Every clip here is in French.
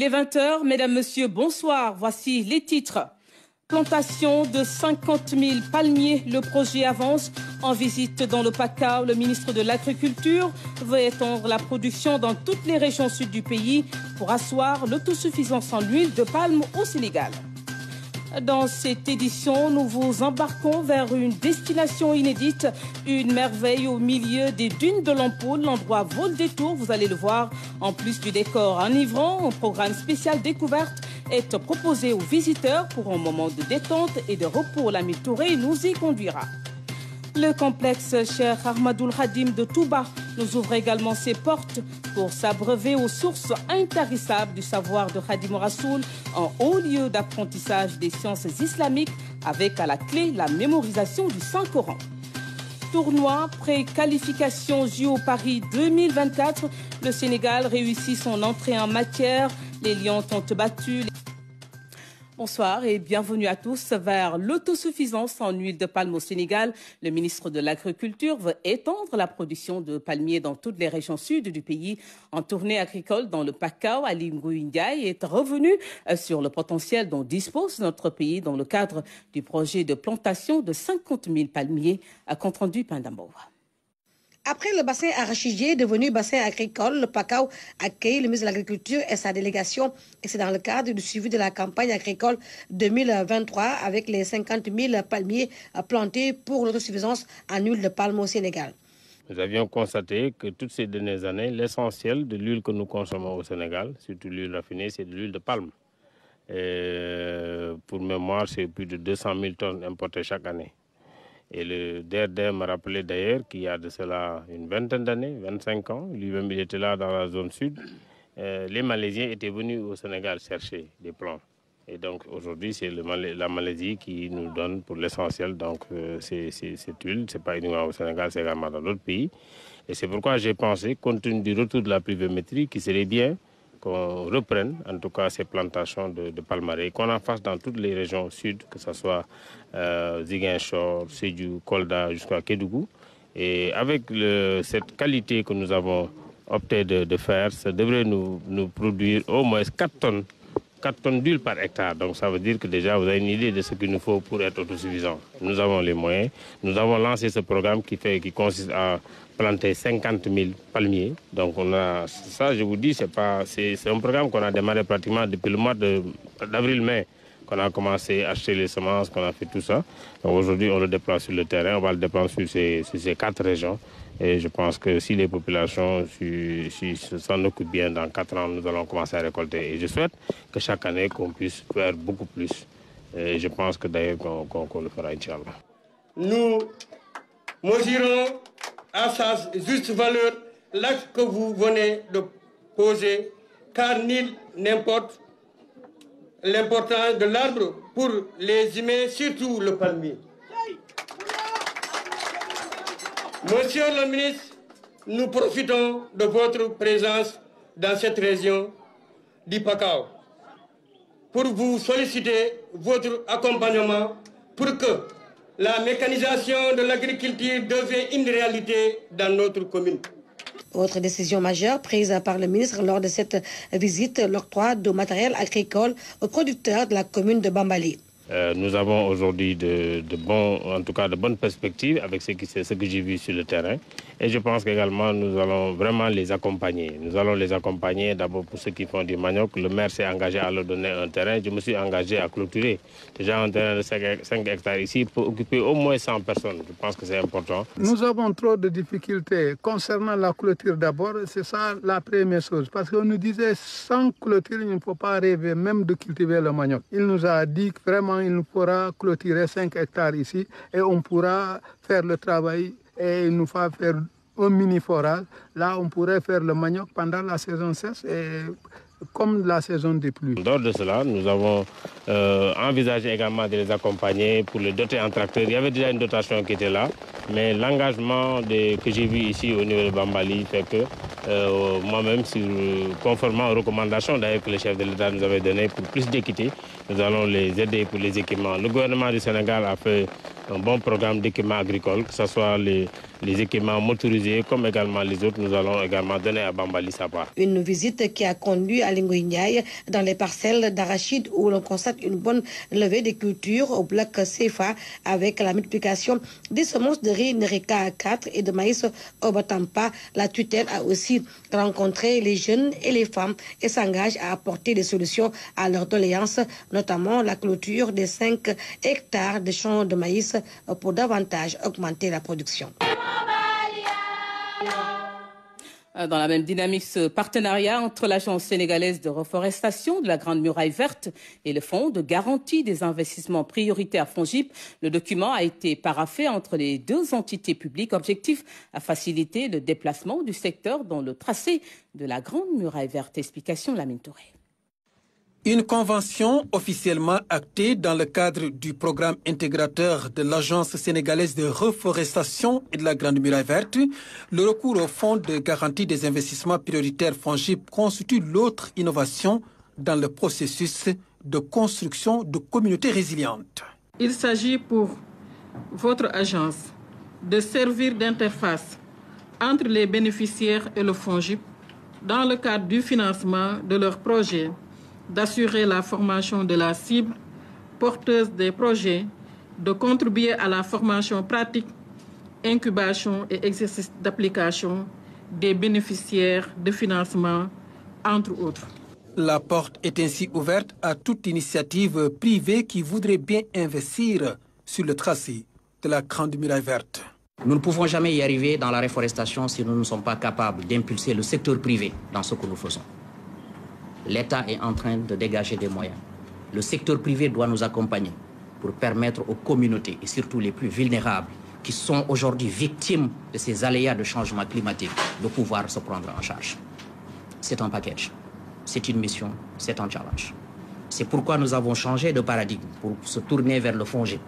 Il est 20h, mesdames, messieurs, bonsoir. Voici les titres. Plantation de 50 000 palmiers, le projet avance. En visite dans le PACA, le ministre de l'Agriculture veut étendre la production dans toutes les régions sud du pays pour asseoir l'autosuffisance en huile de palme au Sénégal. Dans cette édition, nous vous embarquons vers une destination inédite, une merveille au milieu des dunes de l'Ampoule. L'endroit vaut le détour, vous allez le voir. En plus du décor enivrant, un programme spécial découverte est proposé aux visiteurs pour un moment de détente et de repos. L'ami Touré nous y conduira. Le complexe Cher Ahmadoul Hadim de Touba nous ouvre également ses portes pour s'abreuver aux sources intarissables du savoir de Khadim Rassoul en haut lieu d'apprentissage des sciences islamiques avec à la clé la mémorisation du Saint-Coran tournoi pré-qualification JO Paris 2024. Le Sénégal réussit son entrée en matière. Les Lions ont battu Bonsoir et bienvenue à tous vers l'autosuffisance en huile de palme au Sénégal. Le ministre de l'Agriculture veut étendre la production de palmiers dans toutes les régions sud du pays. En tournée agricole dans le Pacao, à Lingouindiaï est revenu euh, sur le potentiel dont dispose notre pays dans le cadre du projet de plantation de 50 000 palmiers, euh, compte rendu pandambo. Après le bassin arachidier devenu bassin agricole, le PACAO accueille le ministre de l'Agriculture et sa délégation. Et c'est dans le cadre du suivi de la campagne agricole 2023 avec les 50 000 palmiers plantés pour l'autosuffisance en huile de palme au Sénégal. Nous avions constaté que toutes ces dernières années, l'essentiel de l'huile que nous consommons au Sénégal, surtout l'huile raffinée, c'est de l'huile de palme. pour mémoire, c'est plus de 200 000 tonnes importées chaque année. Et le DRD m'a rappelé d'ailleurs qu'il y a de cela une vingtaine d'années, 25 ans, lui-même il était là dans la zone sud, euh, les Malaisiens étaient venus au Sénégal chercher des plans. Et donc aujourd'hui, c'est la Malaisie qui nous donne pour l'essentiel donc euh, cette huile. Ce n'est pas uniquement au Sénégal, c'est également dans d'autres pays. Et c'est pourquoi j'ai pensé, compte tenu du retour de la pluviométrie, qui serait bien qu'on reprenne en tout cas ces plantations de, de palmarès, qu'on en fasse dans toutes les régions sud, que ce soit euh, Ziguinchor, Sédu, Kolda jusqu'à Kédougou. Et avec cette qualité que nous avons opté de, faire, ça devrait nous produire au moins 4 tonnes 4 tonnes d'huile par hectare. Donc ça veut dire que déjà vous avez une idée de ce qu'il nous faut pour être autosuffisant. Nous avons les moyens. Nous avons lancé ce programme qui, consiste à planter 50 000 palmiers. Donc on a, ça je vous dis, c'est, un programme qu'on a démarré pratiquement depuis le mois d'avril-mai. qu'on a commencé à acheter les semences, qu'on a fait tout ça. aujourd'hui, on le déploie sur le terrain, on va le déployer sur ces quatre régions. Et je pense que si les populations s'en occupent bien, dans quatre ans, nous allons commencer à récolter. Et je souhaite que chaque année, qu'on puisse faire beaucoup plus. Et je pense que d'ailleurs qu'on le fera, Inch'Allah. Nous mesurons à sa juste valeur l'acte que vous venez de poser, car nul n'importe l'importance de l'arbre pour les humains, surtout le palmier. Monsieur le ministre, nous profitons de votre présence dans cette région d'Ipacao pour vous solliciter votre accompagnement pour que la mécanisation de l'agriculture devienne une réalité dans notre commune. Autre décision majeure prise par le ministre lors de cette visite, l'octroi de matériel agricole aux producteurs de la commune de Bambali. Euh, nous avons aujourd'hui de, en tout cas de bonnes perspectives avec ce, qui, ce que j'ai vu sur le terrain. Et je pense qu'également, nous allons vraiment les accompagner. Nous allons les accompagner d'abord pour ceux qui font du manioc. Le maire s'est engagé à leur donner un terrain. Je me suis engagé à clôturer déjà un terrain de 5, hectares ici pour occuper au moins 100 personnes. Je pense que c'est important. Nous avons trop de difficultés concernant la clôture d'abord. C'est ça la première chose. Parce qu'on nous disait sans clôture, il ne faut pas rêver même de cultiver le manioc. Il nous a dit vraiment il nous pourra clôturer 5 hectares ici et on pourra faire le travail et il nous fera faire un mini forage. Là, on pourrait faire le manioc pendant la saison 16 et comme la saison des pluies. En dehors de cela, nous avons euh, envisagé également de les accompagner pour les doter en tracteur. Il y avait déjà une dotation qui était là, mais l'engagement que j'ai vu ici au niveau de Bambali fait que euh, moi-même, conformément aux recommandations d'ailleurs que le chef de l'État nous avait données pour plus d'équité, nous allons les aider pour les équipements. Le gouvernement du Sénégal a fait un bon programme d'équipement agricole, que ce soit les, équipements motorisés comme également les autres. Nous allons également donner à Bambali sa Une visite qui a conduit à Linguignay dans les parcelles d'Arachide, où l'on constate une bonne levée des cultures au bloc CFA avec la multiplication des semences de riz Nereka 4 et de maïs Obatampa. La tutelle a aussi rencontré les jeunes et les femmes et s'engage à apporter des solutions à leur doléances, notamment la clôture des 5 hectares de champs de maïs euh, pour davantage augmenter la production. Euh, dans la même dynamique, ce partenariat entre l'Agence sénégalaise de reforestation de la Grande Muraille Verte et le Fonds de garantie des investissements prioritaires FONGIP, le document a été paraffé entre les deux entités publiques. Objectif à faciliter le déplacement du secteur dans le tracé de la Grande Muraille Verte. Explication Lamine Touré. Une convention officiellement actée dans le cadre du programme intégrateur de l'Agence sénégalaise de reforestation et de la Grande Muraille verte, le recours au Fonds de garantie des investissements prioritaires FONGIP constitue l'autre innovation dans le processus de construction de communautés résilientes. Il s'agit pour votre agence de servir d'interface entre les bénéficiaires et le GIP dans le cadre du financement de leurs projets d'assurer la formation de la cible porteuse des projets, de contribuer à la formation pratique, incubation et exercice d'application des bénéficiaires de financement, entre autres. La porte est ainsi ouverte à toute initiative privée qui voudrait bien investir sur le tracé de la Grande Muraille Verte. Nous ne pouvons jamais y arriver dans la réforestation si nous ne sommes pas capables d'impulser le secteur privé dans ce que nous faisons l'État est en train de dégager des moyens. Le secteur privé doit nous accompagner pour permettre aux communautés, et surtout les plus vulnérables, qui sont aujourd'hui victimes de ces aléas de changement climatique, de pouvoir se prendre en charge. C'est un package, c'est une mission, c'est un challenge. C'est pourquoi nous avons changé de paradigme pour se tourner vers le FONGIP,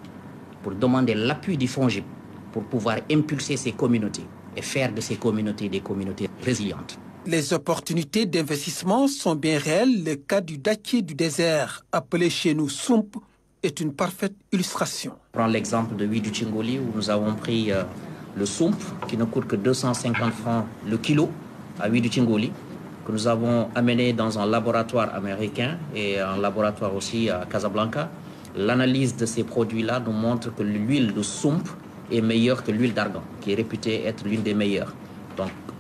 pour demander l'appui du FONGIP pour pouvoir impulser ces communautés et faire de ces communautés des communautés résilientes. Les opportunités d'investissement sont bien réelles. Le cas du daki du désert, appelé chez nous sump, est une parfaite illustration. Prends l'exemple de Huit du Chingoli où nous avons pris euh, le sump qui ne coûte que 250 francs le kilo à Huit du Chingoli que nous avons amené dans un laboratoire américain et un laboratoire aussi à Casablanca. L'analyse de ces produits-là nous montre que l'huile de sump est meilleure que l'huile d'argan qui est réputée être l'une des meilleures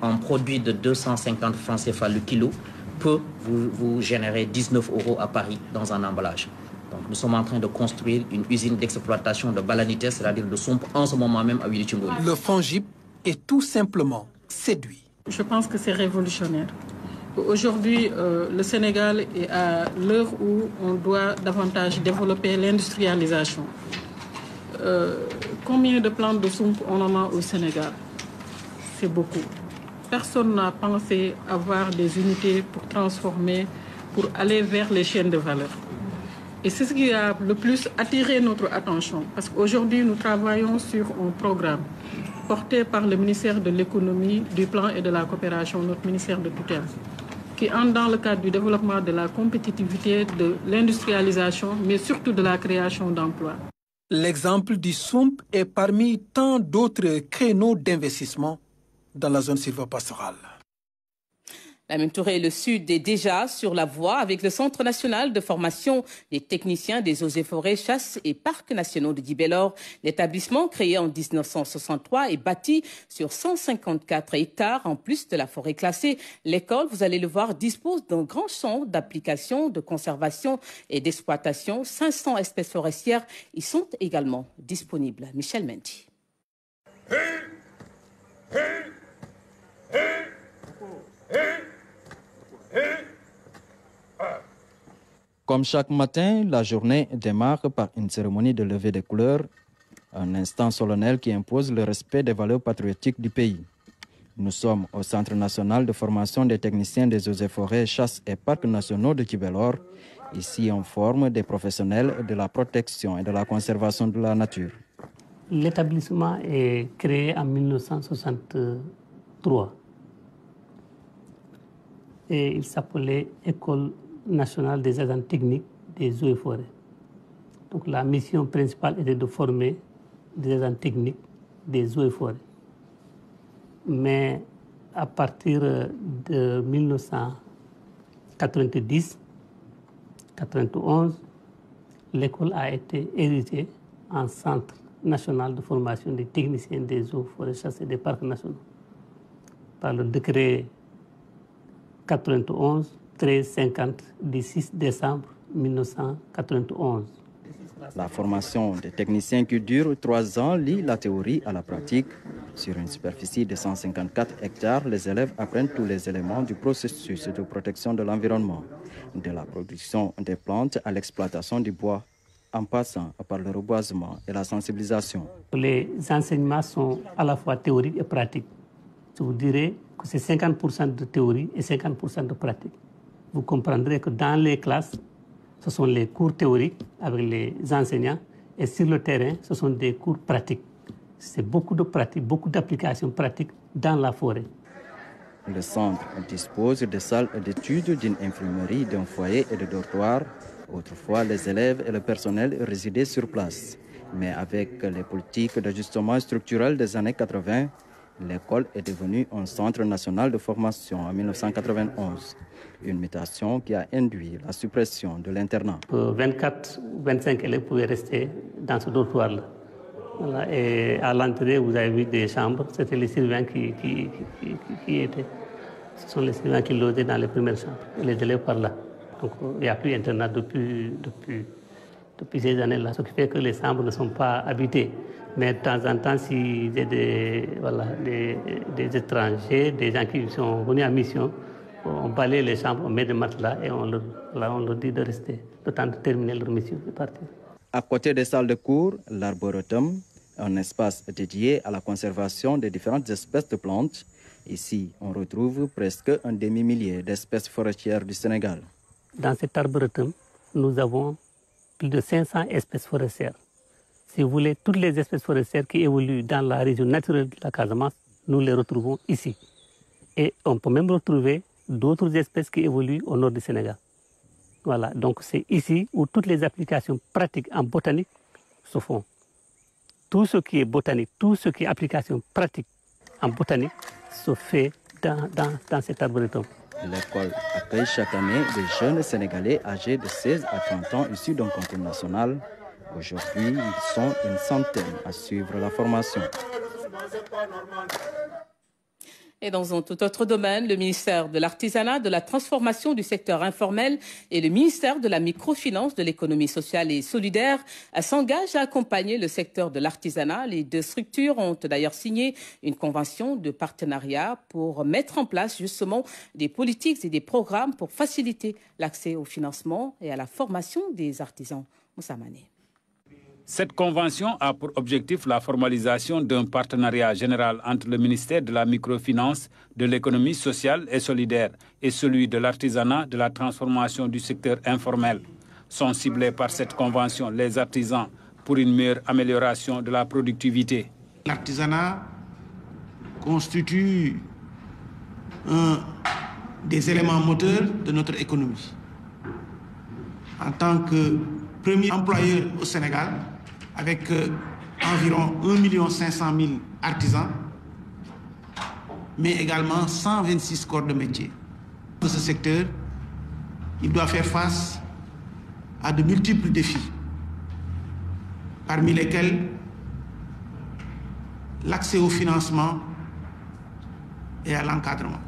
un produit de 250 francs CFA le kilo peut vous, générer 19 euros à Paris dans un emballage. Donc, nous sommes en train de construire une usine d'exploitation de balanites c'est-à-dire de sombre, en ce moment même à Wilichungoli. Le frangip est tout simplement séduit. Je pense que c'est révolutionnaire. Aujourd'hui, euh, le Sénégal est à l'heure où on doit davantage développer l'industrialisation. Euh, combien de plantes de soupe on en a au Sénégal C'est beaucoup personne n'a pensé avoir des unités pour transformer, pour aller vers les chaînes de valeur. Et c'est ce qui a le plus attiré notre attention, parce qu'aujourd'hui, nous travaillons sur un programme porté par le ministère de l'économie, du plan et de la coopération, notre ministère de tutelle, qui entre dans le cadre du développement de la compétitivité, de l'industrialisation, mais surtout de la création d'emplois. L'exemple du SOMP est parmi tant d'autres créneaux d'investissement dans la zone pastorale. La même tourée, le Sud est déjà sur la voie avec le Centre national de formation des techniciens des eaux et forêts, chasses et parcs nationaux de Dibélor. L'établissement, créé en 1963, est bâti sur 154 hectares en plus de la forêt classée. L'école, vous allez le voir, dispose d'un grand champ d'application, de conservation et d'exploitation. 500 espèces forestières y sont également disponibles. Michel Menti. Comme chaque matin, la journée démarre par une cérémonie de levée des couleurs, un instant solennel qui impose le respect des valeurs patriotiques du pays. Nous sommes au Centre national de formation des techniciens des eaux et forêts, chasses et parcs nationaux de Kibelor. Ici, on forme des professionnels de la protection et de la conservation de la nature. L'établissement est créé en 1963 et il s'appelait École nationale des agents techniques des eaux et forêts. Donc la mission principale était de former des agents techniques des eaux et forêts. Mais à partir de 1990, 91, l'école a été érigée en centre national de formation des techniciens des eaux, forêts, chasse et des parcs nationaux par le décret 91 13 50 du 6 décembre 1991. La formation des techniciens qui dure trois ans lie la théorie à la pratique. Sur une superficie de 154 hectares, les élèves apprennent tous les éléments du processus de protection de l'environnement, de la production des plantes à l'exploitation du bois, en passant par le reboisement et la sensibilisation. Les enseignements sont à la fois théoriques et pratiques. Je vous dirais c'est 50% de théorie et 50% de pratique. Vous comprendrez que dans les classes, ce sont les cours théoriques avec les enseignants et sur le terrain, ce sont des cours pratiques. C'est beaucoup de pratiques, beaucoup d'applications pratiques dans la forêt. Le centre dispose de salles d'études, d'une infirmerie, d'un foyer et de dortoirs. Autrefois, les élèves et le personnel résidaient sur place. Mais avec les politiques d'ajustement structurel des années 80, L'école est devenue un centre national de formation en 1991, une mutation qui a induit la suppression de l'internat. 24 ou 25 élèves pouvaient rester dans ce dortoir-là. Et à l'entrée, vous avez vu des chambres. C'était les Sylvains qui, étaient. Ce sont les Sylvains qui logeaient dans les premières chambres. les élèves par là. Donc il n'y a plus d'internat depuis, depuis depuis ces années-là, ce qui fait que les chambres ne sont pas habitées. Mais de temps en temps, si y des, des, étrangers, des gens qui sont venus en mission, on balaye les chambres, on met des matelas et on leur, on leur dit de rester, le temps de terminer leur mission et partir. À côté des salles de cours, l'arboretum, un espace dédié à la conservation des différentes espèces de plantes. Ici, on retrouve presque un demi-millier d'espèces forestières du Sénégal. Dans cet arboretum, nous avons de 500 espèces forestières. Si vous voulez, toutes les espèces forestières qui évoluent dans la région naturelle de la Casamance, nous les retrouvons ici. Et on peut même retrouver d'autres espèces qui évoluent au nord du Sénégal. Voilà, donc c'est ici où toutes les applications pratiques en botanique se font. Tout ce qui est botanique, tout ce qui est application pratique en botanique se fait dans, dans, dans cet arboretum. L'école accueille chaque année des jeunes Sénégalais âgés de 16 à 30 ans issus d'un continent national. Aujourd'hui, ils sont une centaine à suivre la formation. Et dans un tout autre domaine, le ministère de l'Artisanat, de la Transformation du secteur informel et le ministère de la Microfinance, de l'Économie sociale et solidaire euh, s'engagent à accompagner le secteur de l'artisanat. Les deux structures ont d'ailleurs signé une convention de partenariat pour mettre en place justement des politiques et des programmes pour faciliter l'accès au financement et à la formation des artisans. Moussamane. Cette convention a pour objectif la formalisation d'un partenariat général entre le ministère de la microfinance, de l'économie sociale et solidaire et celui de l'artisanat de la transformation du secteur informel. Sont ciblés par cette convention les artisans pour une meilleure amélioration de la productivité. L'artisanat constitue un des éléments moteurs de notre économie. En tant que premier employeur au Sénégal, avec euh, environ 1,5 million 000 artisans, mais également 126 corps de métier. ce secteur, il doit faire face à de multiples défis, parmi lesquels l'accès au financement et à l'encadrement.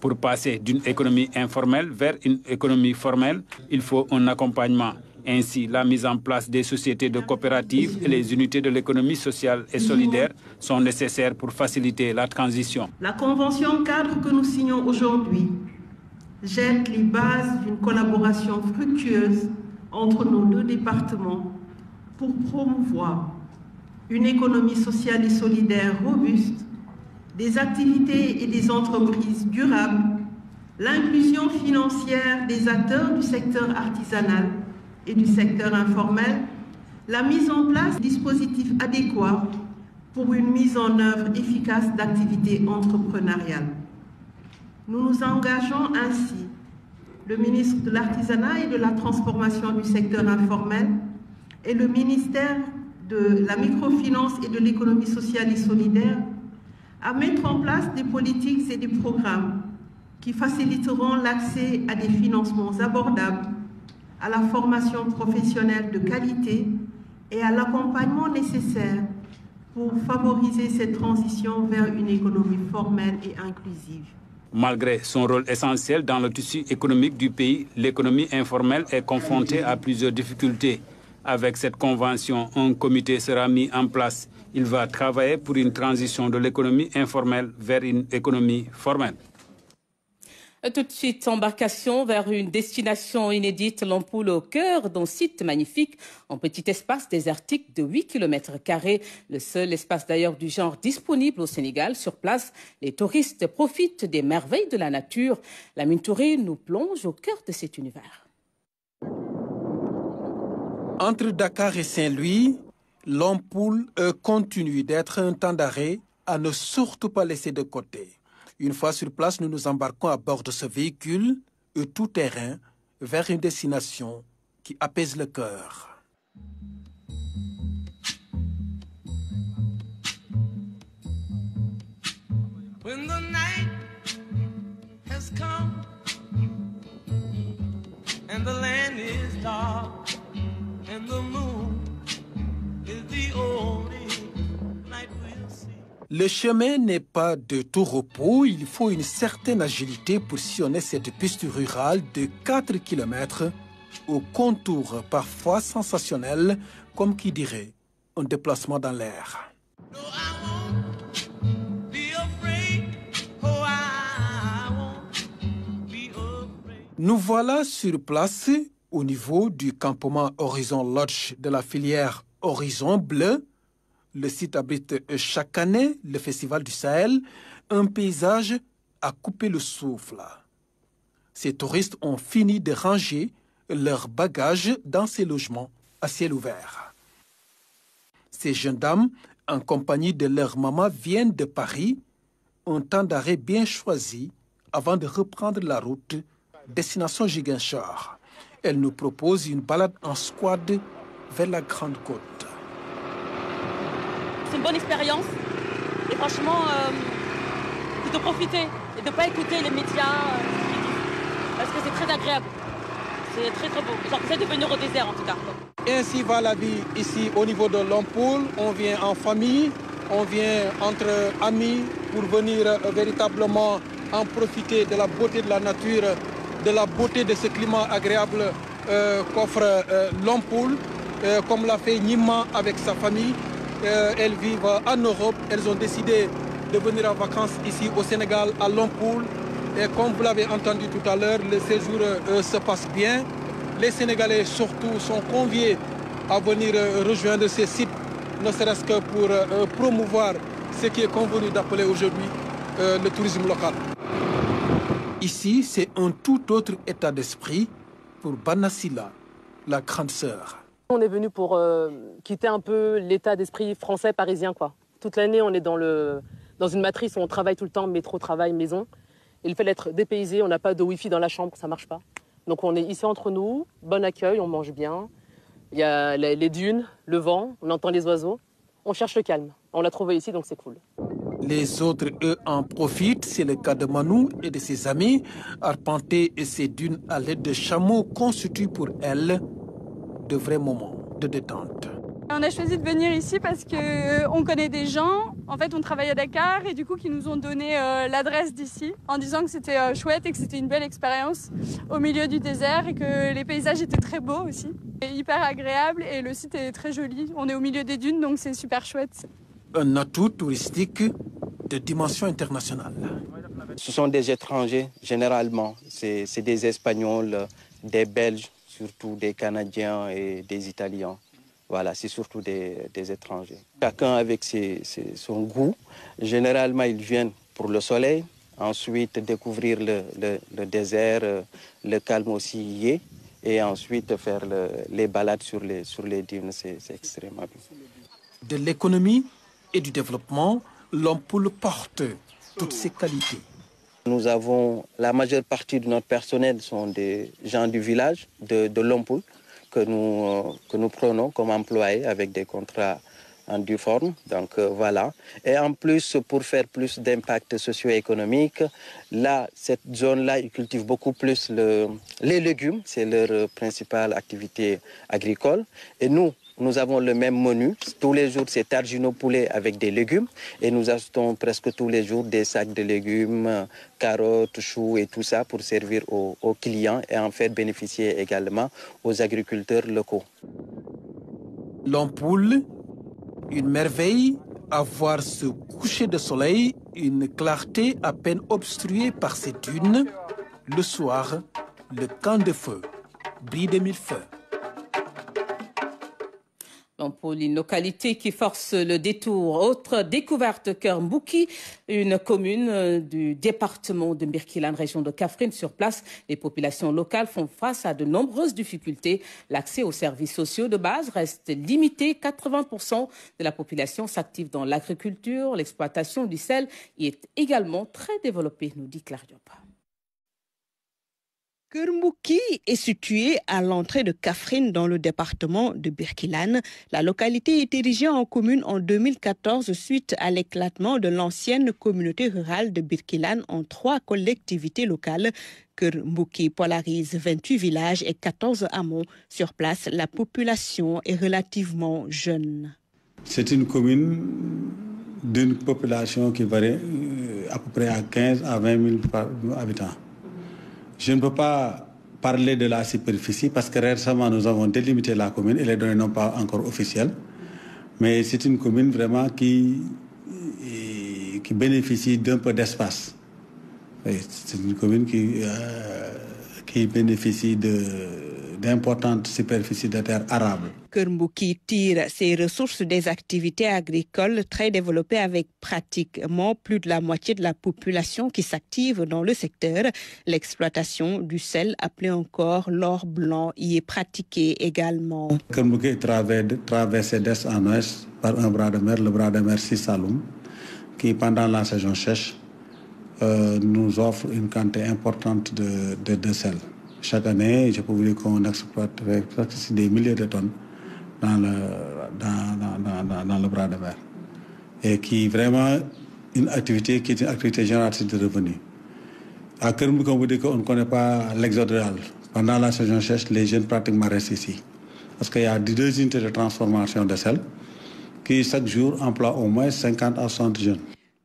Pour passer d'une économie informelle vers une économie formelle, il faut un accompagnement ainsi, la mise en place des sociétés de coopératives et les unités de l'économie sociale et solidaire sont nécessaires pour faciliter la transition. La convention cadre que nous signons aujourd'hui jette les bases d'une collaboration fructueuse entre nos deux départements pour promouvoir une économie sociale et solidaire robuste, des activités et des entreprises durables, l'inclusion financière des acteurs du secteur artisanal et du secteur informel, la mise en place de dispositifs adéquats pour une mise en œuvre efficace d'activités entrepreneuriales. Nous nous engageons ainsi, le ministre de l'Artisanat et de la Transformation du secteur informel et le ministère de la Microfinance et de l'Économie sociale et solidaire, à mettre en place des politiques et des programmes qui faciliteront l'accès à des financements abordables à la formation professionnelle de qualité et à l'accompagnement nécessaire pour favoriser cette transition vers une économie formelle et inclusive. Malgré son rôle essentiel dans le tissu économique du pays, l'économie informelle est confrontée à plusieurs difficultés. Avec cette convention, un comité sera mis en place. Il va travailler pour une transition de l'économie informelle vers une économie formelle. Euh, tout de suite, embarcation vers une destination inédite, l'ampoule au cœur d'un site magnifique, un petit espace désertique de 8 km, le seul espace d'ailleurs du genre disponible au Sénégal. Sur place, les touristes profitent des merveilles de la nature. La Mintouré nous plonge au cœur de cet univers. Entre Dakar et Saint-Louis, l'ampoule euh, continue d'être un temps d'arrêt à ne surtout pas laisser de côté. Une fois sur place, nous nous embarquons à bord de ce véhicule, et tout terrain, vers une destination qui apaise le cœur. and the land is dark and the moon is the le chemin n'est pas de tout repos, il faut une certaine agilité pour sillonner cette piste rurale de 4 km au contour parfois sensationnel, comme qui dirait un déplacement dans l'air. Nous voilà sur place au niveau du campement Horizon Lodge de la filière Horizon Bleu, le site abrite chaque année le Festival du Sahel, un paysage à couper le souffle. Ces touristes ont fini de ranger leurs bagages dans ces logements à ciel ouvert. Ces jeunes dames, en compagnie de leur maman, viennent de Paris, un temps d'arrêt bien choisi avant de reprendre la route destination Giguinchard. Elles nous proposent une balade en squad vers la Grande Côte c'est une bonne expérience. Et franchement, c'est euh, de profiter et de ne pas écouter les médias, euh, parce que c'est très agréable. C'est très très beau. J'en de venir au désert en tout cas. Ainsi va la vie ici au niveau de l'Ampoule. On vient en famille, on vient entre amis pour venir euh, véritablement en profiter de la beauté de la nature, de la beauté de ce climat agréable qu'offre l'Ampoule, comme l'a fait Nima avec sa famille. Euh, elles vivent en Europe. Elles ont décidé de venir en vacances ici au Sénégal, à Longpool. Et comme vous l'avez entendu tout à l'heure, le séjour euh, se passe bien. Les Sénégalais surtout sont conviés à venir euh, rejoindre ces sites, ne serait-ce que pour promouvoir ce qui est convenu d'appeler aujourd'hui le tourisme local. Ici, c'est un tout autre état d'esprit pour Banasila, la grande sœur. On est venu pour euh, quitter un peu l'état d'esprit français parisien quoi. Toute l'année, on est dans le dans une matrice où on travaille tout le temps, métro, travail, maison. Il fallait fait d'être dépaysé, on n'a pas de wifi dans la chambre, ça marche pas. Donc on est ici entre nous, bon accueil, on mange bien. Il y a les dunes, le vent, on entend les oiseaux. On cherche le calme. On l'a trouvé ici, donc c'est cool. Les autres, eux, en profitent. C'est le cas de Manou et de ses amis. Arpenter ces dunes à l'aide de chameaux constitue pour elles de vrais moments de détente. On a choisi de venir ici parce que euh, on connaît des gens. En fait, on travaille à Dakar et du coup, qui nous ont donné euh, l'adresse d'ici en disant que c'était euh, chouette et que c'était une belle expérience au milieu du désert et que les paysages étaient très beaux aussi. Et hyper agréable et le site est très joli. On est au milieu des dunes, donc c'est super chouette. Un atout touristique de dimension internationale. Ce sont des étrangers, généralement. C'est des Espagnols, des Belges, surtout des Canadiens et des Italiens. Voilà, c'est surtout des, étrangers. Chacun avec son goût. Généralement, ils viennent pour le soleil, ensuite découvrir le, désert, euh, le calme aussi y est, et ensuite faire les balades sur les, sur les dunes, c'est extrêmement bien. De l'économie et du développement, l'ampoule porte toutes ses qualités. Nous avons la majeure partie de notre personnel sont des gens du village de, de Lompoul que nous, euh, que nous prenons comme employés avec des contrats en due forme. Donc euh, voilà. Et en plus, pour faire plus d'impact socio-économique, là, cette zone-là, ils cultivent beaucoup plus les légumes. C'est leur euh, principale activité agricole. Et nous, nous avons le même menu. Tous les jours, c'est targine poulet avec des légumes. Et nous achetons presque tous les jours des sacs de légumes, carottes, choux et tout ça pour servir aux, clients et en faire bénéficier également aux agriculteurs locaux. L'ampoule, une merveille à voir ce coucher de soleil, une clarté à peine obstruée par ces dunes. Le soir, le camp de feu brille de mille feux pour une localité qui force le détour. Autre découverte, Kermbouki, une commune euh, du département de Mirkilan, région de Kafrine. Sur place, les populations locales font face à de nombreuses difficultés. L'accès aux services sociaux de base reste limité. 80% de la population s'active dans l'agriculture. L'exploitation du sel y est également très développée, nous dit Clariopa. Kermouki est situé à l'entrée de Kafrine dans le département de Birkilane. La localité est érigée en commune en 2014 suite à l'éclatement de l'ancienne communauté rurale de Birkilane en trois collectivités locales. Kermouki polarise 28 villages et 14 hameaux. Sur place, la population est relativement jeune. C'est une commune d'une population qui varie euh, à peu près à 15 à 20 000 habitants. Je ne peux pas parler de la superficie parce que récemment nous avons délimité la commune et les données n'ont pas encore officielles. Mais c'est une commune vraiment qui, qui bénéficie d'un peu d'espace. C'est une commune qui, euh, qui bénéficie d'importantes superficies de terres arables. Kermbouki tire ses ressources des activités agricoles très développées avec pratiquement plus de la moitié de la population qui s'active dans le secteur. L'exploitation du sel, appelé encore l'or blanc, y est pratiquée également. Kermbouki est traversé d'est en ouest par un bras de mer, le bras de mer Sissaloum, qui pendant la saison sèche euh, nous offre une quantité importante de, de, de sel. Chaque année, je peux vous dire qu'on exploite des milliers de tonnes dans le, dans, le bras de mer. Et qui est vraiment une activité qui est une activité génératrice de revenus. À Kermou, comme vous dites ne connaît pas l'exode Pendant la saison sèche, les jeunes pratiquement restent ici. Parce qu'il y a deux unités de transformation de sel qui, chaque jour, emploient au moins 50 à 60 jeunes.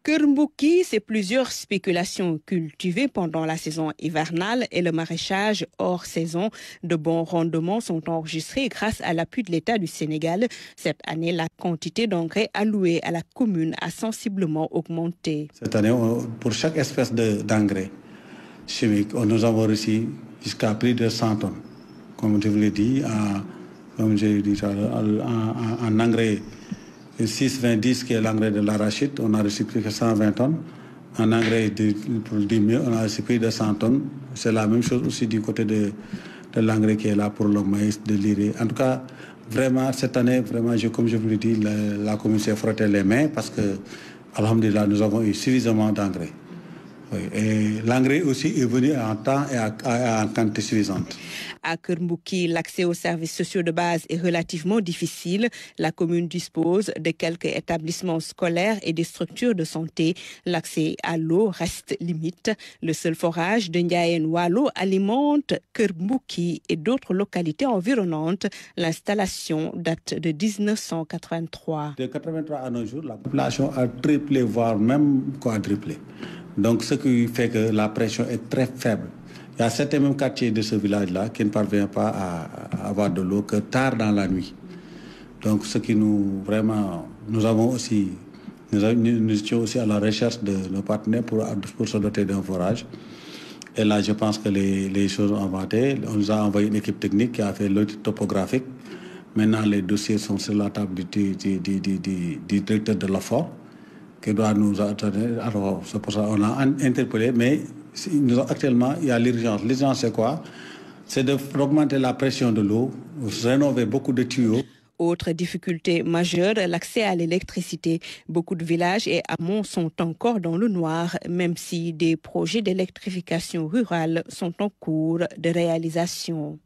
Kurmbuki, c'est plusieurs spéculations cultivées pendant la saison hivernale et le maraîchage hors saison. De bons rendements sont enregistrés grâce à l'appui de l'État du Sénégal. Cette année, la quantité d'engrais allouée à la commune a sensiblement augmenté. Cette année, pour chaque espèce d'engrais de, chimique, nous avons réussi jusqu'à plus de 100 tonnes. Comme je vous l'ai dit, en, en engrais 6,20 10 qui est l'engrais de l'arachide, on a recyclé que 120 tonnes. En engrais, pour le on a recyclé 200 tonnes. C'est la même chose aussi du côté de, l'engrais qui est là pour le maïs, de l'iré. En tout cas, vraiment, cette année, vraiment, comme je vous l'ai dit, la, commune s'est frotté les mains parce que, alhamdulillah, nous avons eu suffisamment d'engrais l'engrais aussi est venu en temps et en quantité suffisante. À Kermouki, l'accès aux services sociaux de base est relativement difficile. La commune dispose de quelques établissements scolaires et des structures de santé. L'accès à l'eau reste limite. Le seul forage de Ndiaye Walo alimente Kermouki et d'autres localités environnantes. L'installation date de 1983. De 1983 à nos jours, la population a triplé, voire même quadruplé. Donc, ce qui fait que la pression est très faible. Il y a certains mêmes quartiers de ce village-là qui ne parviennent pas à, avoir de l'eau que tard dans la nuit. Donc, ce qui nous vraiment, nous avons aussi, nous, étions aussi à la recherche de nos partenaires pour, se doter d'un forage. Et là, je pense que les, choses ont avancé. On nous a envoyé une équipe technique qui a fait l'audit topographique. Maintenant, les dossiers sont sur la table du, du, du, du directeur de forêt qui doit nous attendre Alors, on pour ça a interpellé, mais actuellement, il y a l'urgence. L'urgence, c'est quoi C'est d'augmenter la pression de l'eau, rénover beaucoup de tuyaux. Autre difficulté majeure, l'accès à l'électricité. Beaucoup de villages et amont sont encore dans le noir, même si des projets d'électrification rurale sont en cours de réalisation.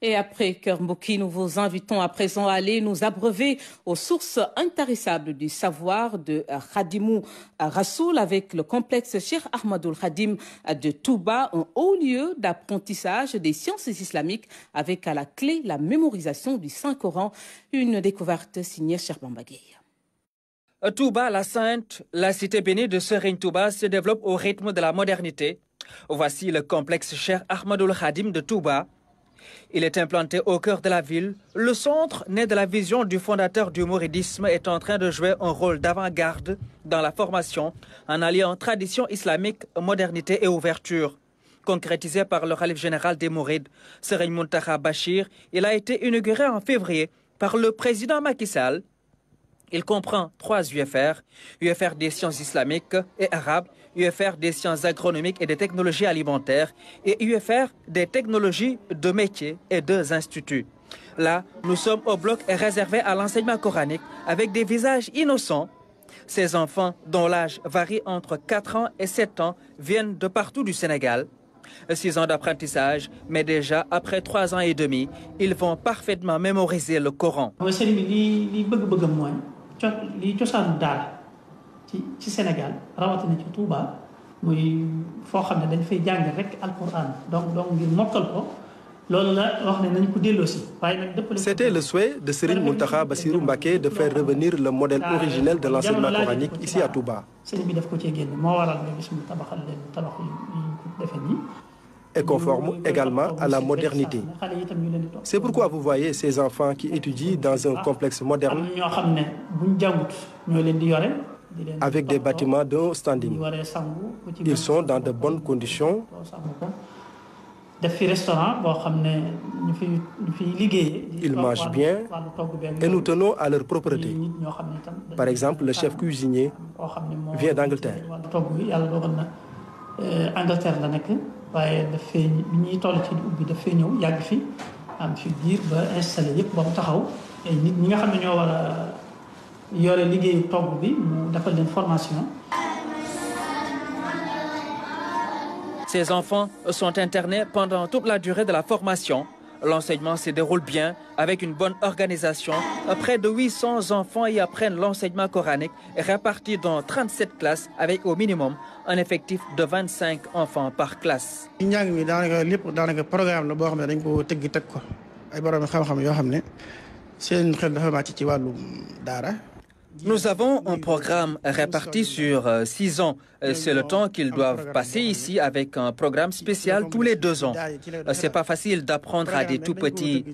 Et après Kermouki, nous vous invitons à présent à aller nous abreuver aux sources intarissables du savoir de Khadimou Rassoul avec le complexe Cheikh Ahmadul Khadim de Touba, un haut lieu d'apprentissage des sciences islamiques avec à la clé la mémorisation du Saint-Coran, une découverte signée Cheikh Bambagui. Touba, la sainte, la cité bénie de Serein Touba se développe au rythme de la modernité. Voici le complexe Cher Ahmadul Khadim de Touba, il est implanté au cœur de la ville. Le centre, né de la vision du fondateur du mouridisme, est en train de jouer un rôle d'avant-garde dans la formation en alliant tradition islamique, modernité et ouverture concrétisé par le Ralif général des Mourides, Serein Muntaha Bachir. Il a été inauguré en février par le président Macky Sall. Il comprend trois UFR, UFR des sciences islamiques et arabes, UFR des sciences agronomiques et des technologies alimentaires et UFR des technologies de métiers et deux instituts. Là, nous sommes au bloc réservé à l'enseignement coranique avec des visages innocents. Ces enfants, dont l'âge varie entre 4 ans et 7 ans, viennent de partout du Sénégal. Six ans d'apprentissage, mais déjà après trois ans et demi, ils vont parfaitement mémoriser le Coran. C'était le souhait de Serigne Mountakha Bassirou Mbacké de faire revenir le modèle ah, originel de l'enseignement coranique ici à Touba. et conforme également à la modernité. C'est pourquoi vous voyez ces enfants qui étudient dans un complexe moderne avec des bâtiments de standing. Ils sont dans de bonnes conditions. Ils mangent bien et nous tenons à leur propreté. Par exemple, le chef cuisinier vient d'Angleterre. Ces enfants sont internés pendant toute la durée de la formation. L'enseignement se déroule bien avec une bonne organisation. Près de 800 enfants y apprennent l'enseignement coranique répartis dans 37 classes avec au minimum un effectif de 25 enfants par classe. programme nous avons un programme réparti sur euh, six ans. Euh, c'est le temps qu'ils doivent passer ici avec un programme spécial tous les deux ans. Euh, c'est pas facile d'apprendre à des tout petits.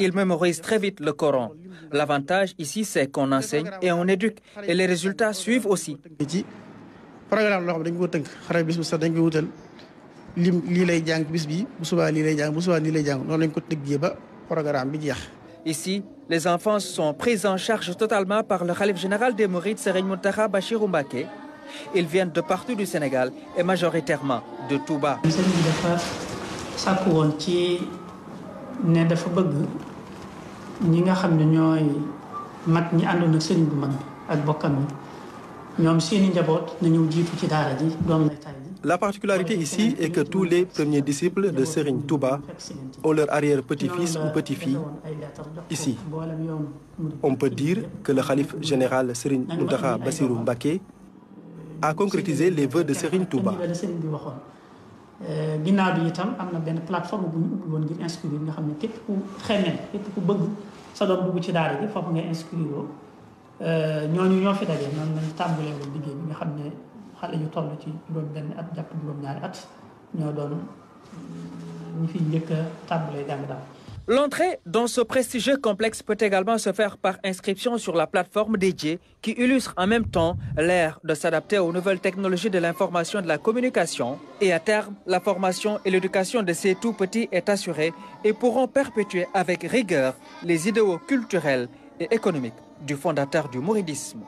Ils mémorisent très vite le Coran. L'avantage ici, c'est qu'on enseigne et on éduque, et les résultats suivent aussi. Ici, les enfants sont pris en charge totalement par le Khalif général des Mourides, Seren Moutara Bachir Ils viennent de partout du Sénégal et majoritairement de Touba. La particularité ici est que tous les premiers disciples de Serigne Touba ont leur arrière-petit-fils ou petit-fille ici. On peut dire que le calife général Serigne Moudara Bassirou Baké a concrétisé les vœux de Serigne Touba. Euh, ginnaaw bi itam am na benn plateforme bu ñu ubbi woon ngir inscrire nga xam ne képp ku xemmeen képp ku bëgg sa doom dugg ci daara ji foofu nga inscrire woo euh, ñooñu ñoo fi daje noonu lañ tàmbalee liggéey bi nga xam ne xale yu toll ci juróom benn at jàpp juróom ñaari at ñoo doon mm, ñu fi njëkk a tàmbalee jàng L'entrée dans ce prestigieux complexe peut également se faire par inscription sur la plateforme dédiée qui illustre en même temps l'ère de s'adapter aux nouvelles technologies de l'information et de la communication. Et à terme, la formation et l'éducation de ces tout petits est assurée et pourront perpétuer avec rigueur les idéaux culturels et économiques du fondateur du mouridisme.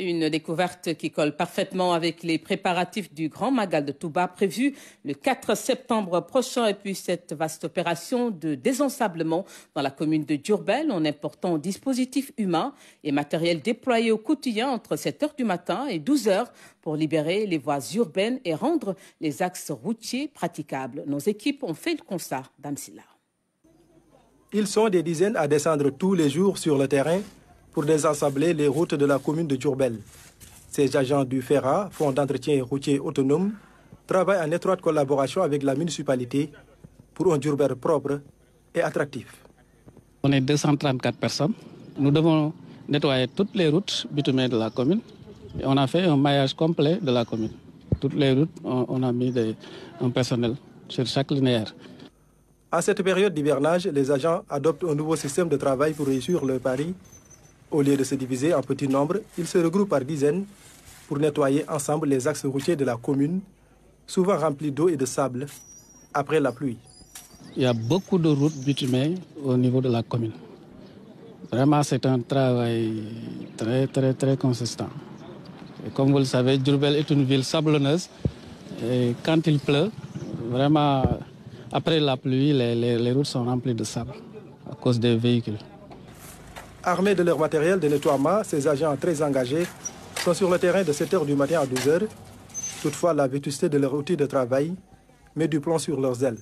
Une découverte qui colle parfaitement avec les préparatifs du Grand Magal de Touba prévu le 4 septembre prochain et puis cette vaste opération de désensablement dans la commune de Durbel en important dispositif humain et matériel déployé au quotidien entre 7 heures du matin et 12 heures pour libérer les voies urbaines et rendre les axes routiers praticables. Nos équipes ont fait le constat d'Amsila. Ils sont des dizaines à descendre tous les jours sur le terrain pour désassembler les routes de la commune de Djourbel. Ces agents du FERA, Fonds d'entretien routier autonome, travaillent en étroite collaboration avec la municipalité pour un Djourbel propre et attractif. On est 234 personnes. Nous devons nettoyer toutes les routes bitumées de la commune. on a fait un maillage complet de la commune. Toutes les routes, on, a mis un personnel sur chaque linéaire. À cette période d'hivernage, les agents adoptent un nouveau système de travail pour réussir le pari au lieu de se diviser en petits nombres, ils se regroupent par dizaines pour nettoyer ensemble les axes routiers de la commune, souvent remplis d'eau et de sable, après la pluie. Il y a beaucoup de routes bitumées au niveau de la commune. Vraiment, c'est un travail très, très, très consistant. Et comme vous le savez, Durbel est une ville sablonneuse. Et quand il pleut, vraiment, après la pluie, les routes sont remplies de sable à cause des véhicules. Armés de leur matériel de nettoiement, ces agents très engagés sont sur le terrain de 7h du matin à 12h. Toutefois, la vétusté de leur outil de travail met du plomb sur leurs ailes.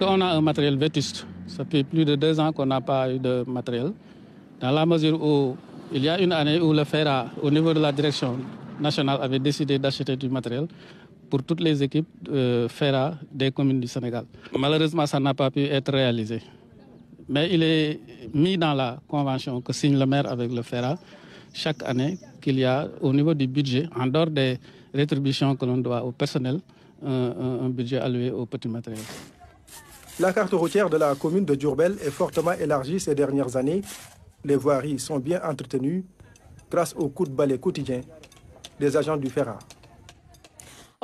On a un matériel vétuste. Ça fait plus de deux ans qu'on n'a pas eu de matériel. Dans la mesure où il y a une année où le FERA, au niveau de la direction nationale, avait décidé d'acheter du matériel pour toutes les équipes euh, FERA des communes du Sénégal. Malheureusement, ça n'a pas pu être réalisé. Mais il est mis dans la convention que signe le maire avec le FERA chaque année qu'il y a au niveau du budget, en dehors des rétributions que l'on doit au personnel, un, budget alloué au petit matériel. La carte routière de la commune de Durbel est fortement élargie ces dernières années. Les voiries sont bien entretenues grâce aux coups de balai quotidien des agents du FERA.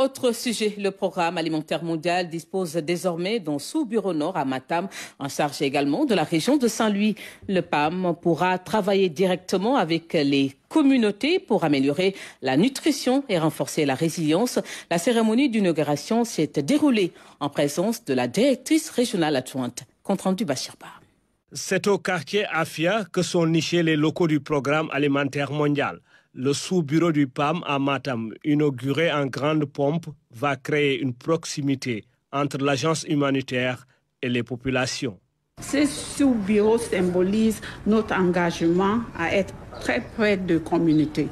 Autre sujet, le programme alimentaire mondial dispose désormais d'un sous-bureau nord à Matam, en charge également de la région de Saint-Louis. Le PAM pourra travailler directement avec les communautés pour améliorer la nutrition et renforcer la résilience. La cérémonie d'inauguration s'est déroulée en présence de la directrice régionale adjointe. Compte rendu C'est au quartier Afia que sont nichés les locaux du programme alimentaire mondial. Le sous-bureau du PAM à Matam, inauguré en grande pompe, va créer une proximité entre l'agence humanitaire et les populations. Ce sous-bureau symbolise notre engagement à être très près de communautés.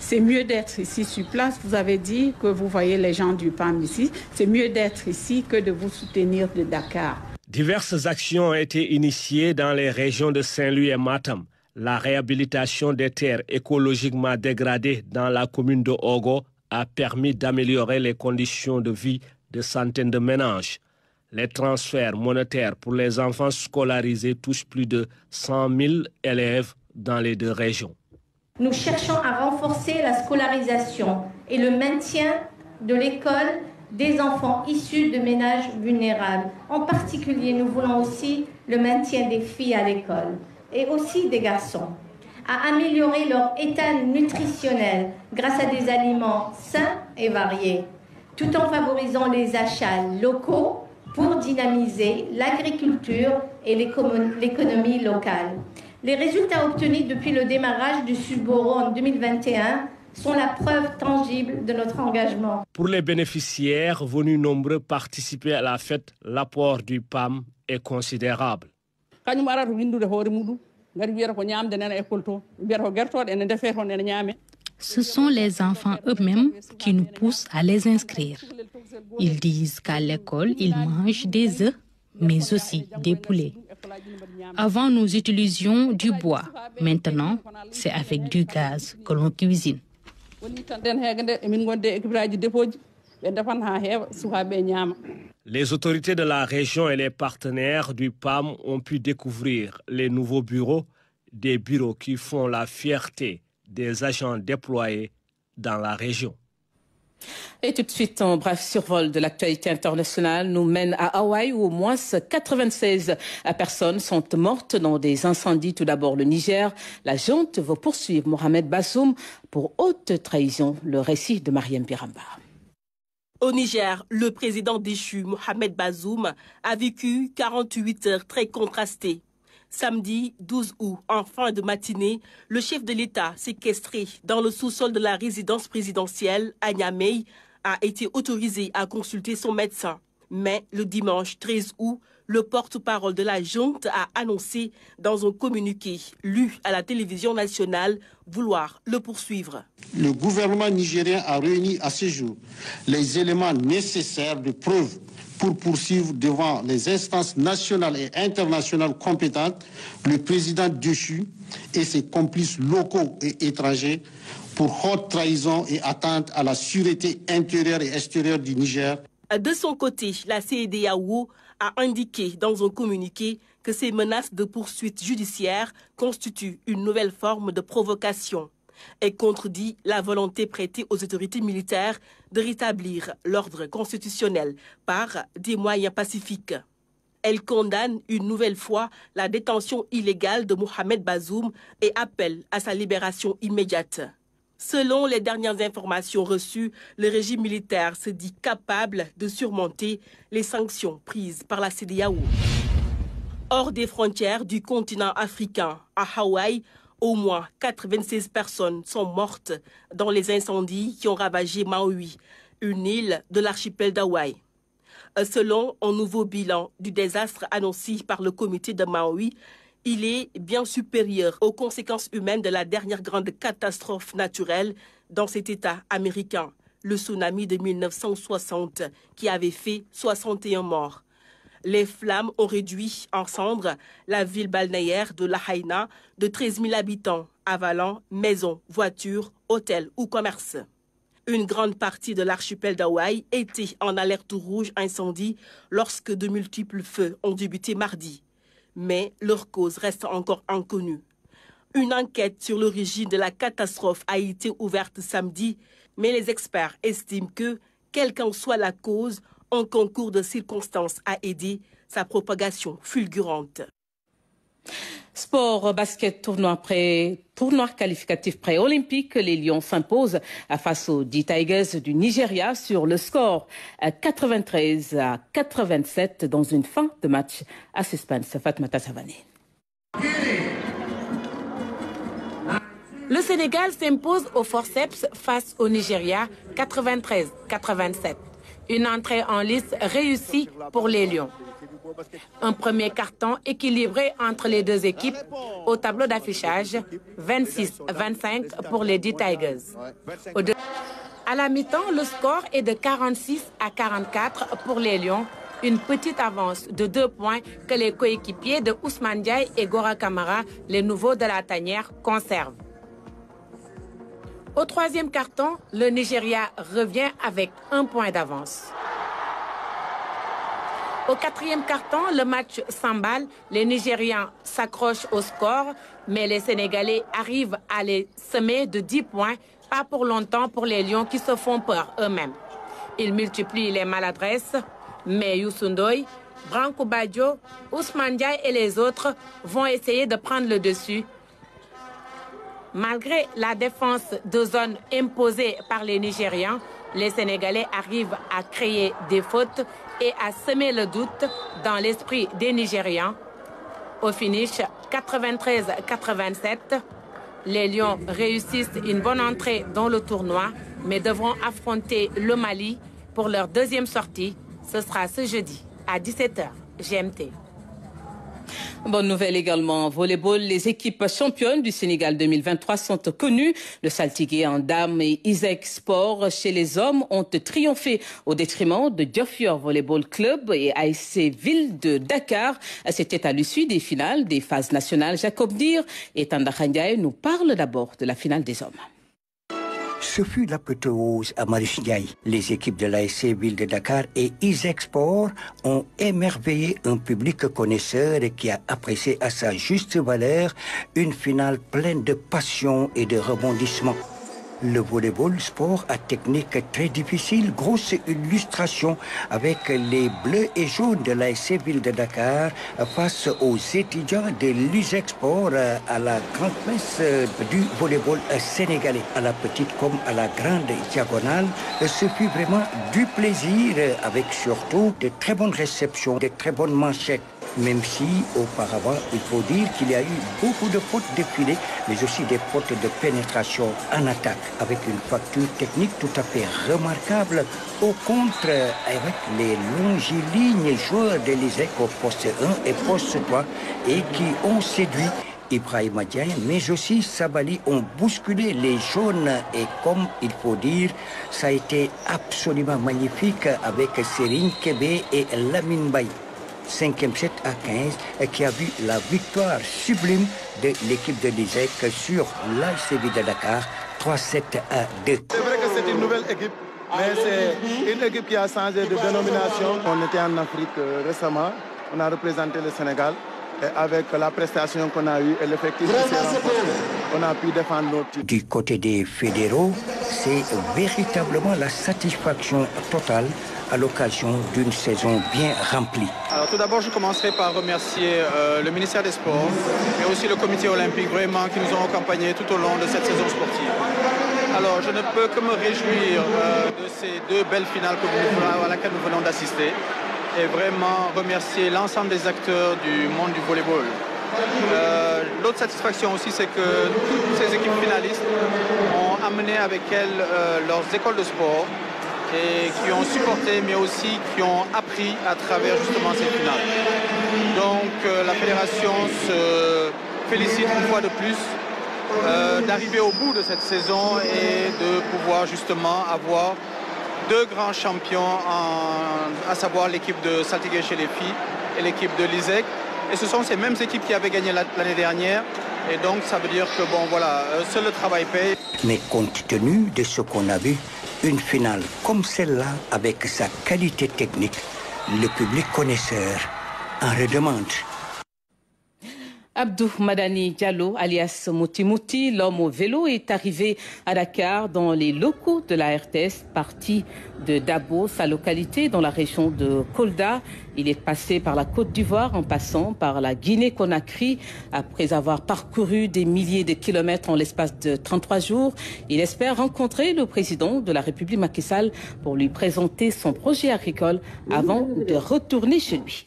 C'est mieux d'être ici sur place. Vous avez dit que vous voyez les gens du PAM ici. C'est mieux d'être ici que de vous soutenir de Dakar. Diverses actions ont été initiées dans les régions de Saint-Louis et Matam. La réhabilitation des terres écologiquement dégradées dans la commune de Ogo a permis d'améliorer les conditions de vie de centaines de ménages. Les transferts monétaires pour les enfants scolarisés touchent plus de 100 000 élèves dans les deux régions. Nous cherchons à renforcer la scolarisation et le maintien de l'école des enfants issus de ménages vulnérables. En particulier, nous voulons aussi le maintien des filles à l'école et aussi des garçons à améliorer leur état nutritionnel grâce à des aliments sains et variés, tout en favorisant les achats locaux pour dynamiser l'agriculture et l'économie locale. Les résultats obtenus depuis le démarrage du Suboro en 2021 sont la preuve tangible de notre engagement. Pour les bénéficiaires venus nombreux participer à la fête, l'apport du PAM est considérable. Ce sont les enfants eux-mêmes qui nous poussent à les inscrire. Ils disent qu'à l'école, ils mangent des œufs, mais aussi des poulets. Avant, nous utilisions du bois. Maintenant, c'est avec du gaz que l'on cuisine. Ben, les autorités de la région et les partenaires du PAM ont pu découvrir les nouveaux bureaux, des bureaux qui font la fierté des agents déployés dans la région. Et tout de suite, un bref survol de l'actualité internationale nous mène à Hawaï où au moins 96 personnes sont mortes dans des incendies. Tout d'abord le Niger. La junte va poursuivre Mohamed Bassoum pour haute trahison. Le récit de Mariam Biramba. Au Niger, le président déchu, Mohamed Bazoum, a vécu 48 heures très contrastées. Samedi 12 août, en fin de matinée, le chef de l'État, séquestré dans le sous-sol de la résidence présidentielle à Niamey, a été autorisé à consulter son médecin. Mais le dimanche 13 août, le porte-parole de la junte a annoncé dans un communiqué lu à la télévision nationale vouloir le poursuivre. Le gouvernement nigérien a réuni à ce jour les éléments nécessaires de preuve pour poursuivre devant les instances nationales et internationales compétentes le président déchu et ses complices locaux et étrangers pour haute trahison et atteinte à la sûreté intérieure et extérieure du Niger. De son côté, la CEDEAO a indiqué dans un communiqué que ces menaces de poursuites judiciaires constituent une nouvelle forme de provocation et contredit la volonté prêtée aux autorités militaires de rétablir l'ordre constitutionnel par des moyens pacifiques. Elle condamne une nouvelle fois la détention illégale de Mohamed Bazoum et appelle à sa libération immédiate. Selon les dernières informations reçues, le régime militaire se dit capable de surmonter les sanctions prises par la CDAO. Hors des frontières du continent africain, à Hawaï, au moins 96 personnes sont mortes dans les incendies qui ont ravagé Maui, une île de l'archipel d'Hawaï. Euh, selon un nouveau bilan du désastre annoncé par le comité de Maui, il est bien supérieur aux conséquences humaines de la dernière grande catastrophe naturelle dans cet État américain, le tsunami de 1960, qui avait fait 61 morts. Les flammes ont réduit en cendres la ville balnéaire de Lahaina de 13 000 habitants, avalant maisons, voitures, hôtels ou commerces. Une grande partie de l'archipel d'Hawaï était en alerte rouge incendie lorsque de multiples feux ont débuté mardi mais leur cause reste encore inconnue. Une enquête sur l'origine de la catastrophe a été ouverte samedi, mais les experts estiment que, quelle qu'en soit la cause, un concours de circonstances a aidé sa propagation fulgurante. Sport, basket, tournoi pré, tournoi qualificatif pré-olympique, les Lions s'imposent euh, face aux D Tigers du Nigeria sur le score 93 euh, à 87 dans une fin de match à suspense. Fatmata Savané. Le Sénégal s'impose au forceps face au Nigeria 93-87. Une entrée en lice réussie pour les Lions. Un premier carton équilibré entre les deux équipes au tableau d'affichage 26-25 pour les D Tigers. À la mi-temps, le score est de 46 à 44 pour les Lions, une petite avance de deux points que les coéquipiers de Ousmane Diaye et Gora Kamara, les nouveaux de la tanière, conservent. Au troisième carton, le Nigeria revient avec un point d'avance. Au quatrième carton, le match s'emballe. Les Nigérians s'accrochent au score, mais les Sénégalais arrivent à les semer de 10 points. Pas pour longtemps pour les Lions qui se font peur eux-mêmes. Ils multiplient les maladresses, mais Youssoundoy, Branco Badjo, Ousmane Diaye et les autres vont essayer de prendre le dessus. Malgré la défense de zone imposée par les Nigérians, les Sénégalais arrivent à créer des fautes et à semer le doute dans l'esprit des Nigérians. Au finish, 93-87, les Lions réussissent une bonne entrée dans le tournoi, mais devront affronter le Mali pour leur deuxième sortie. Ce sera ce jeudi à 17h GMT. Bonne nouvelle également en volleyball. Les équipes championnes du Sénégal 2023 sont connues. Le Saltigué en dames et Isaac Sport chez les hommes ont triomphé au détriment de Diofior Volleyball Club et ASC Ville de Dakar. C'était à l'issue des finales des phases nationales. Jacob Dir et Tanda nous parlent d'abord de la finale des hommes. Ce fut la l'apothéose à Marichingaï. Les équipes de l'ASC Ville de Dakar et Isexport ont émerveillé un public connaisseur et qui a apprécié à sa juste valeur une finale pleine de passion et de rebondissements. Le volleyball sport à technique très difficile, grosse illustration avec les bleus et jaunes de la Ville de Dakar face aux étudiants de e Sport à la grande messe du volleyball sénégalais, à la petite comme à la grande diagonale. Ce fut vraiment du plaisir avec surtout de très bonnes réceptions, de très bonnes manchettes même si auparavant, il faut dire qu'il y a eu beaucoup de fautes défilées, mais aussi des fautes de pénétration en attaque, avec une facture technique tout à fait remarquable. Au contre, avec les longilignes joueurs l'ISEC au poste 1 et poste 3, et qui ont séduit Ibrahim Diagne, mais aussi Sabali ont bousculé les jaunes et comme il faut dire, ça a été absolument magnifique avec Serine Kebé et Lamine Baye. 5e 7 à 15 et qui a vu la victoire sublime de l'équipe de l'ISEC sur l'ICV de Dakar 3-7 à 2. C'est vrai que c'est une nouvelle équipe, mais c'est une équipe qui a changé de dénomination. On était en Afrique euh, récemment, on a représenté le Sénégal et avec la prestation qu'on a eue et l'effectif on a pu défendre notre Du côté des fédéraux, c'est véritablement la satisfaction totale à l'occasion d'une saison bien remplie. tout d'abord, je commencerai par remercier euh, le ministère des Sports et aussi le comité olympique vraiment qui nous ont accompagnés tout au long de cette saison sportive. Alors je ne peux que me réjouir euh, de ces deux belles finales à laquelle nous venons d'assister et vraiment remercier l'ensemble des acteurs du monde du volleyball. Euh, L'autre satisfaction aussi, c'est que toutes ces équipes finalistes ont amené avec elles euh, leurs écoles de sport et qui ont supporté, mais aussi qui ont appris à travers justement cette finale. Donc euh, la fédération se félicite une fois de plus euh, d'arriver au bout de cette saison et de pouvoir justement avoir deux grands champions, à savoir l'équipe de Satigué chez les filles et l'équipe de l'ISEC. Et ce sont ces mêmes équipes qui avaient gagné l'année dernière. Et donc ça veut dire que bon voilà, euh, seul le travail paye. Mais compte tenu de ce qu'on a vu, une finale comme celle-là, avec sa qualité technique, le public connaisseur en redemande. Abdou Madani Diallo, alias Moutimouti, l'homme au vélo, est arrivé à Dakar dans les locaux de la RTS, parti de Dabo, sa localité dans la région de Kolda. Il est passé par la Côte d'Ivoire en passant par la Guinée-Conakry. Après avoir parcouru des milliers de kilomètres en l'espace de 33 jours, il espère rencontrer le président de la République Macky Sall pour lui présenter son projet agricole avant de retourner chez lui.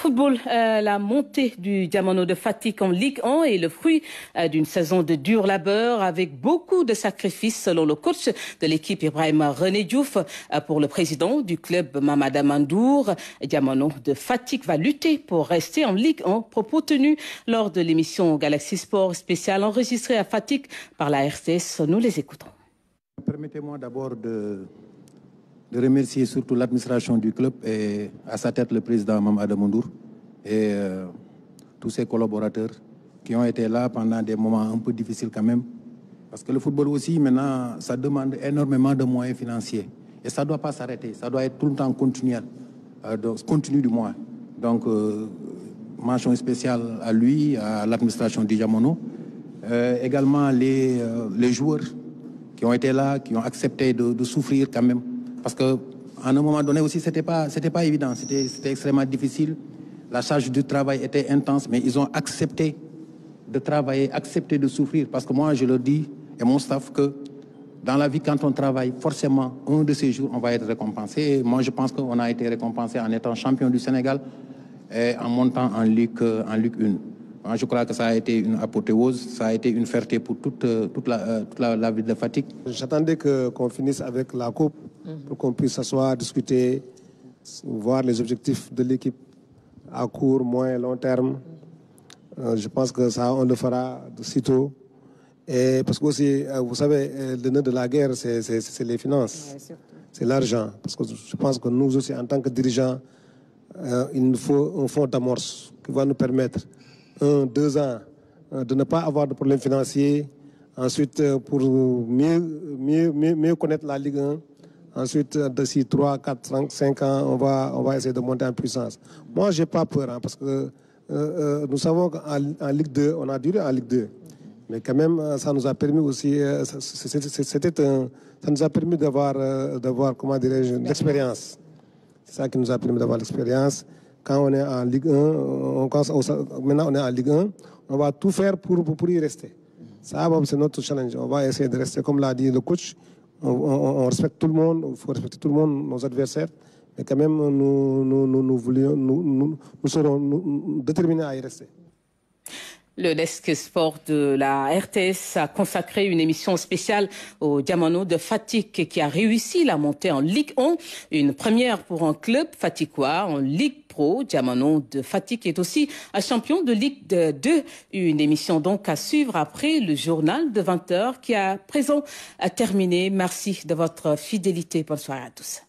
Football, euh, la montée du Diamano de Fatigue en Ligue 1 est le fruit euh, d'une saison de dur labeur avec beaucoup de sacrifices selon le coach de l'équipe Ibrahim René Diouf. Euh, pour le président du club Mamada Mandour, Diamano de Fatigue va lutter pour rester en Ligue 1. Propos tenus lors de l'émission Galaxy Sport spéciale enregistrée à Fatigue par la RTS. Nous les écoutons. Permettez-moi d'abord de de remercier surtout l'administration du club et à sa tête le président Mam Adamondour et euh, tous ses collaborateurs qui ont été là pendant des moments un peu difficiles quand même. Parce que le football aussi, maintenant, ça demande énormément de moyens financiers. Et ça ne doit pas s'arrêter, ça doit être tout le temps continuel, euh, donc, continu du moins. Donc, euh, mention spéciale à lui, à l'administration Dijamono également les, les joueurs qui ont été là, qui ont accepté de souffrir quand même parce que à un moment donné aussi, ce n'était pas évident, c'était, extrêmement difficile. La charge du travail était intense, mais ils ont accepté de travailler, accepté de souffrir. Parce que moi, je le dis, et mon staff, que dans la vie, quand on travaille, forcément, un de ces jours, on va être récompensé. moi, je pense qu'on a été récompensé en étant champion du Sénégal et en montant en Ligue, en Ligue 1. Hein, je crois que ça a été une apothéose, ça a été une fierté pour toute, euh, toute, la, vie euh, la, la, de Fatigue. J'attendais qu'on finisse avec la Coupe mhm. pour qu'on puisse s'asseoir, discuter, voir les objectifs de l'équipe à court, moyen long terme. Euh, je pense que ça, on le fera de sitôt. Et parce que aussi, vous savez, le nœud de la guerre, c'est les finances, c'est l'argent. Parce que je pense que nous aussi, en tant que dirigeants, il nous faut un fonds d'amorce qui va nous permettre un, deux ans, euh, de ne pas avoir de problèmes financiers. Ensuite, euh, pour mieux, mieux, mieux connaître la Ligue 1. Ensuite, euh, d'ici 3, 4, 5, ans, on va, on va essayer de monter en puissance. Moi, je n'ai pas peur, hein, parce que nous savons qu'en Ligue 2, on a duré en Ligue 2. Mais quand même, ça nous a permis aussi, c'était un, ça nous a permis d'avoir, d'avoir comment dirais-je, l'expérience. C'est ça qui nous a permis d'avoir l'expérience. Quand on est en Ligue 1, on, maintenant on est en Ligue 1, on va tout faire pour, pour, y rester. Ça, c'est notre challenge. On va essayer de rester, comme l'a dit le coach. On, respecte tout le monde, il faut respecter tout le monde, nos adversaires. Mais quand même, nous, nous, voulions, nous, serons déterminés à y rester. Le desk sport de la RTS a consacré une émission spéciale au Diamano de Fatik qui a réussi la montée en Ligue 1, une première pour un club faticois en Ligue Pro. Diamano de Fatik est aussi un champion de Ligue 2, une émission donc à suivre après le journal de 20h qui à présent a terminé. Merci de votre fidélité. Bonsoir à tous.